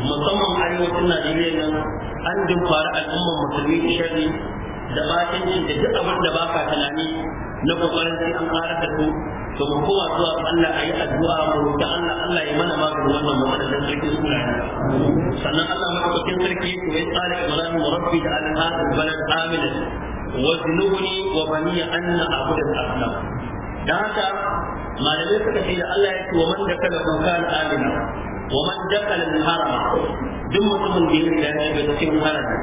Speaker 3: musamman arewacin Najeriya nan an dimfari al'ummar musulmi shari da batanci da duk abin da baka tunani na kokarin sai an karar da su to mu kowa zuwa Allah ayi addu'a mu roƙi Allah Allah ya mana maganin wannan matsalar da sarki sura sannan Allah madaukakin sarki ko ya tsara Ibrahim wa rabbi da an hada balad aminan wa zunubni wa bani an a'budu al-asnam da haka malamai suka ce da Allah ya ce wa man dakala kun kana amina wa man dakala al-harama duk mutumin da ya riga ya cikin harama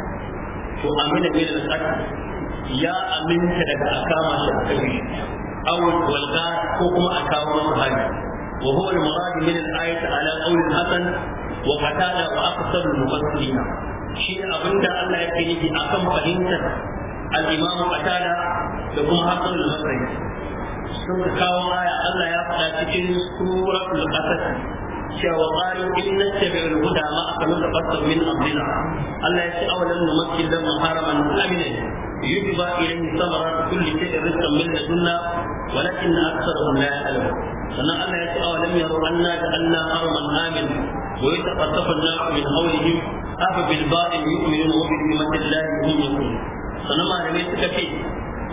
Speaker 3: to amina bai da tsaka ya aminta daga a kama shi a kashe awul walga ko kuma a kawo masa hari wa huwa al-murad min al-ayati ala qawl al-hasan wa qatada wa aqsar al-mufassirin shi abinda Allah yake nufi akan fahimtar al-imam qatada da kuma hasan al-basri sun kawo aya Allah ya faɗa cikin suratul qasas cewa qalu inna tabi'ul huda ma min Allah ya ce awalan kulli walakin sannan Allah ya ce amin wa sannan suka ce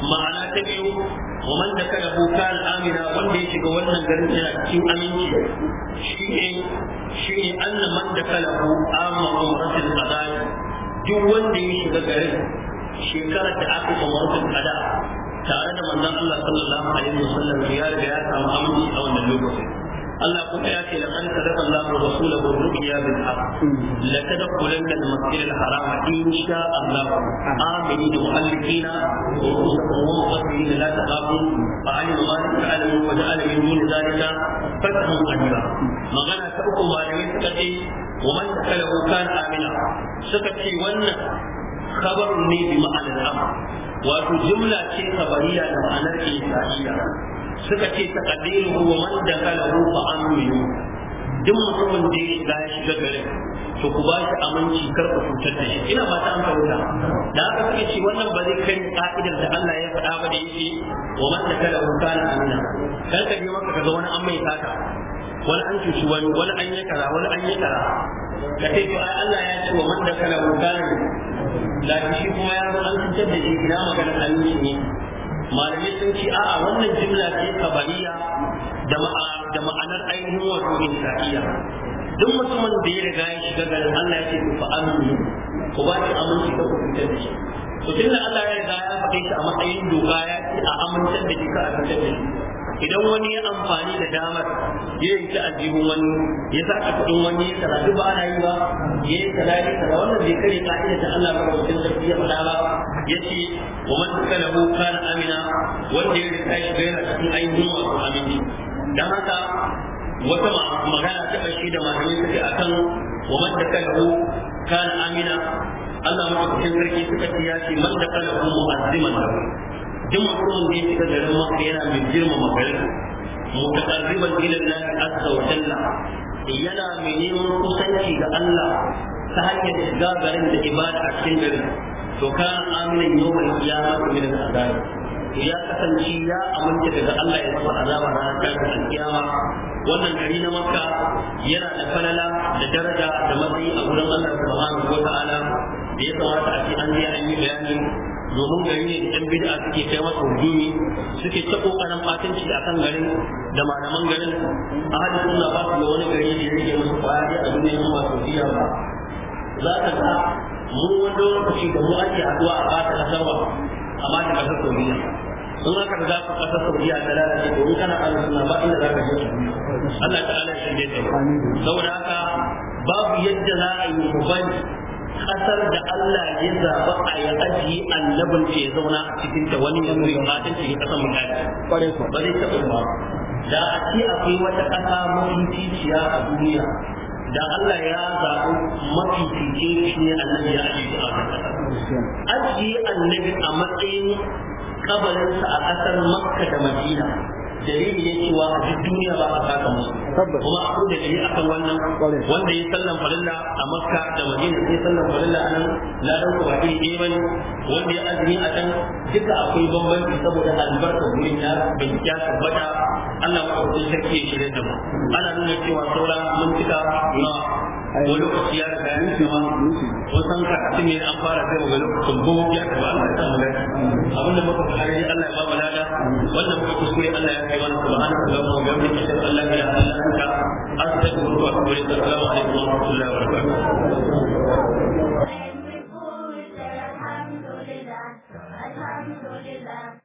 Speaker 3: ma'ana ta biyu wa man da kada al'amina wanda ya shiga wannan garin yana cikin aminci shi ne shi ne annan man da kada bu amma umratul qada duk wanda ya shiga garin shekarar da aka umratul qada tare da manzon Allah sallallahu alaihi wasallam ya a wannan lokacin Allah kuma ya ce ta dafa laman sadaqa Allahu rasulahu ru'ya bil haqq la tadkhulanna al masjid al haram insha Allah amini da mu'allifina wa rusulahu wa muqaddimin la taqabu fa alima ma ta'lamu wa ja'ala min dun zalika fathan qadira magana ta uku malamai suka ce wa man takalahu kana amina suka ce wannan khabar ne bi ma'anar amr wato jumla ce khabariya da ma'anar insa'iyya suka ce taqdiruhu wa man da dakalahu fa aminu duk mutumin da ya shiga ya shiga garin to ku ba shi aminci kar ku cutar da shi ina ba ta an fahimta da haka suka ce wannan ba zai kai ka'idar da Allah ya faɗa ba da yake wa man da dakalahu kana amina kar ka je maka kaga wani an mai taka. wani an cuci wani wani an yi kaza wani an yi kaza ka ce to Allah ya ce wa man dakalahu kana lafi shi kuma ya zo an cutar da shi ina magana aminci ne malamai sun ce a'a wannan jimla ce kabariya da ma'anar ainihin wato insaniya duk mutumin da ya riga ya shiga garin Allah ya ce ku fa aminu ku ba shi aminci da ku fitar da shi to tunda Allah ya riga ya faɗe shi a matsayin doka ya ce a amincin da shi ka a fitar da shi idan wani ya amfani da damar ya yanki aljihun wani ya saka kuɗin wani ya tsara duk ba ana yi ba ya yi tsara ya tsara wannan bai kare ka'ida ta Allah madaukakin sarki ya faɗa ba ya ce wa man kana hu kana amina wanda ya rika shi yana cikin ainihin wasu aminci dan haka wata magana ta ƙarshe da malamai suke akan wa man kana hu kana amina Allah madaukakin sarki suka ce ya ce man kana hu mu'azziman duk mutumin da ya fita garin makka yana mai girmama garin mutaqarriban ila Allah azza wa jalla yana mai neman kusanci ga Allah ta hanyar shiga garin da ibada a cikin garin to kana aminan yawmal qiyamah min al-azab ya kasance ya aminta daga Allah ya zama azaba na kalmar alkiyama wannan gari na makka yana da falala da daraja da matsayi a wurin Allah subhanahu wa ta'ala da ya kamata a ce an je an yi bayani domin gari ne da ɗan bid'a suke kai masa hujumi suke ta kokarin fatanci da akan garin da malaman garin a hadin suna ba su da wani gari da yake musu kwaya a duniya su masu saudiya ba za ka ga mu wanda lokaci da mu ake haduwa a ba ta kasar ba ta da kasar saudiya in aka riga ku kasar saudiya ta lalace domin kana alu suna ba inda za ka je Allah ta'ala ya shirya ta saboda haka babu yadda za a yi mu bani kasar da Allah ya zaba a ya ajiye annabin da zauna a cikin ta wani ya zo ya fatan shi ya kasan mutane kware ko bare ta umma da a ce akwai wata kasa mafi ticiya a duniya da Allah ya zaɓi mafi cikin shi ne annabi ya ajiye a kasa ajiye annabi a matsayin kabarinsa a kasar Makka da Madina dalili ne cewa a duk duniya ba a saka musu kuma a da dalili kan wannan wanda ya sallan farilla a makka da madina ya sallan farilla a nan ladan ku ba iri ɗaya bane wanda ya azumi a can duka akwai bambanci saboda albarkar wurin na bincike tabbata Allah ya kawo sarki ya shirya da mu ana nuna cewa sauran mun cika na ko lokaci cewa ne an fara sai mu ga lokacin ko ya ba samu muka Allah ya ba muka kuskure Allah ya kai Allah ya ka astaghfiruka wa atubu ilaik assalamu alaikum wa rahmatullahi wa